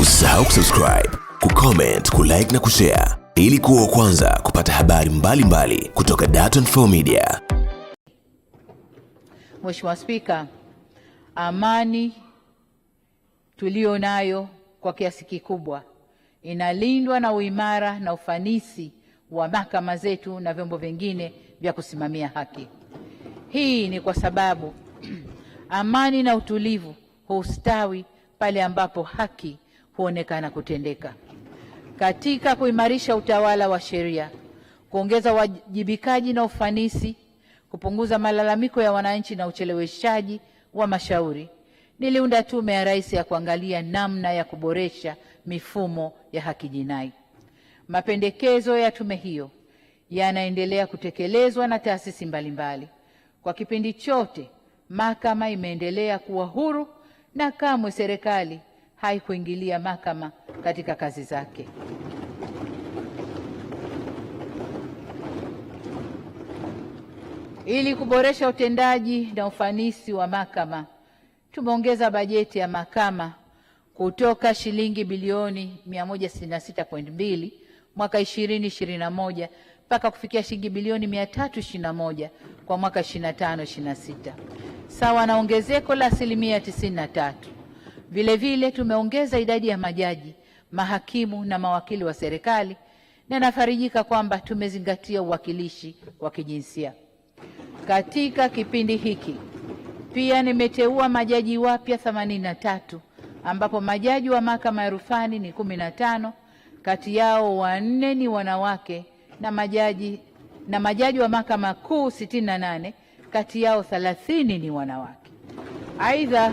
Usisahau kusubscribe, kucomment, kulike na kushare ili kuwa kwanza kupata habari mbalimbali mbali kutoka Dar24 Media. Mheshimiwa Spika, amani tuliyo nayo kwa kiasi kikubwa inalindwa na uimara na ufanisi wa mahakama zetu na vyombo vingine vya kusimamia haki. Hii ni kwa sababu amani na utulivu hustawi pale ambapo haki kuonekana kutendeka. Katika kuimarisha utawala wa sheria, kuongeza uwajibikaji na ufanisi, kupunguza malalamiko ya wananchi na ucheleweshaji wa mashauri, niliunda Tume ya Rais ya kuangalia namna ya kuboresha mifumo ya haki jinai. Mapendekezo ya tume hiyo yanaendelea kutekelezwa na taasisi mbalimbali. Kwa kipindi chote mahakama imeendelea kuwa huru na kamwe serikali haikuingilia mahakama katika kazi zake. Ili kuboresha utendaji na ufanisi wa mahakama, tumeongeza bajeti ya mahakama kutoka shilingi bilioni 166.2 mwaka 2021 mpaka kufikia shilingi bilioni 321 kwa mwaka 25 26, sawa na ongezeko la asilimia 93. Vilevile tumeongeza idadi ya majaji, mahakimu na mawakili wa serikali na nafarijika kwamba tumezingatia uwakilishi wa kijinsia katika kipindi hiki. Pia nimeteua majaji wapya 83 ambapo majaji wa mahakama ya rufani ni 15, kati yao wanne ni wanawake na majaji, na majaji wa mahakama kuu 68, kati yao 30 ni wanawake. Aidha,